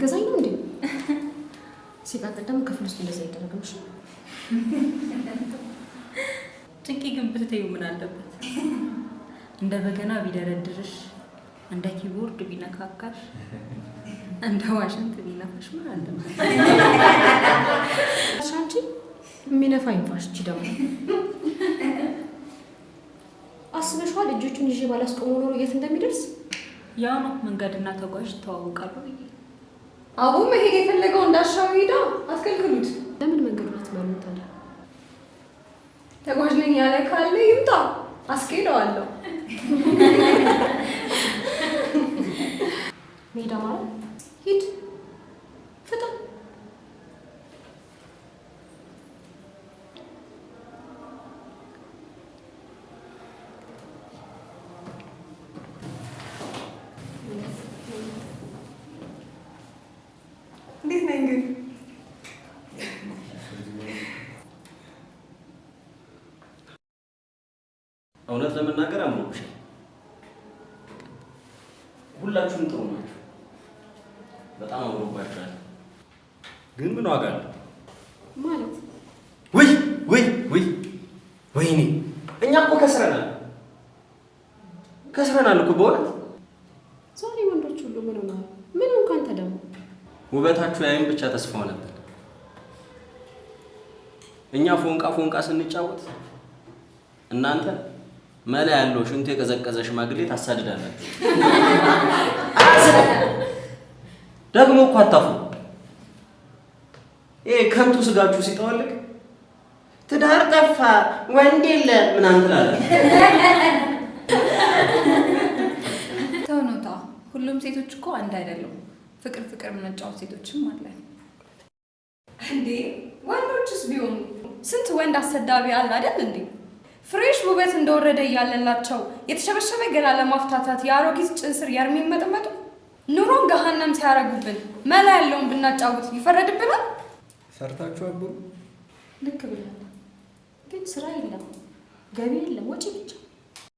ልትገዛኝ ነው እንዴ? ሲቀጥል ደግሞ ክፍል ውስጥ እንደዛ አይደረግም። እሺ ጭንቂ ግን ብትተዩ ምን አለበት? እንደ በገና ቢደረድርሽ፣ እንደ ኪቦርድ ቢነካካሽ፣ እንደ ዋሽንት ቢነፋሽ ምን አለበት? አንቺ የሚነፋ ይንፋሽ። እቺ ደግሞ አስበሽዋል? እጆቹን ይዤ ባላስቆመው ኖሮ የት እንደሚደርስ። ያው ነው መንገድና ተጓዥ ተዋውቃሉ ብዬ አቡ መሄድ የፈለገው እንዳሻው ሄዳ አትከልክሉት። ለምን መንገዱን አትመሩም ታዲያ? ተጓዥ ነኝ ያለ ካለ ይምጣ፣ አስኬደዋለሁ። ሜዳ ማለት ሂድ ፍጠን ግን እውነት ለመናገር አምሮብሻል። ሁላችሁም ጥሩ ናችሁ፣ በጣም አምሮባችኋል። ግን ምን ዋጋ አለው ማለት ውይ ውይ ውይ ወይኔ እኛ እኮ ከስረናል ከስረናል እኮ በእውነት ዛሬ ወንዶች ሁሉ ምን ሆናል? ምን እንኳን ተደሞ ውበታችሁ የአይን ብቻ ተስፋ ሆነብን። እኛ ፎንቃ ፎንቃ ስንጫወት እናንተ መላ ያለው ሽንቱ የቀዘቀዘ ሽማግሌ ታሳድዳላችሁ። ደግሞ እኮ አታፉ ይሄ ከንቱ ስጋችሁ ሲጠወልቅ ትዳር ጠፋ ወንድ የለ ምናምን ትላለህ። ተው ነው ሁሉም ሴቶች እኮ አንድ አይደለም። ፍቅር ፍቅር የምንጫወት ሴቶችም አለ እንዴ። ወንዶችስ ቢሆኑ ስንት ወንድ አሰዳቢ አለ አይደል እንዴ? ፍሬሽ ውበት እንደወረደ እያለላቸው የተሸበሸበ ገላ ለማፍታታት የአሮጊት ጭንስር የእርሜ መጠመጡ ኑሮን ገሃነም ሲያደርጉብን መላ ያለውን ብናጫውት ይፈረድብናል። ሰርታችሁ አብሩ። ልክ ብለህ ግን ስራ የለም ገቢ የለም ወጪ ብቻ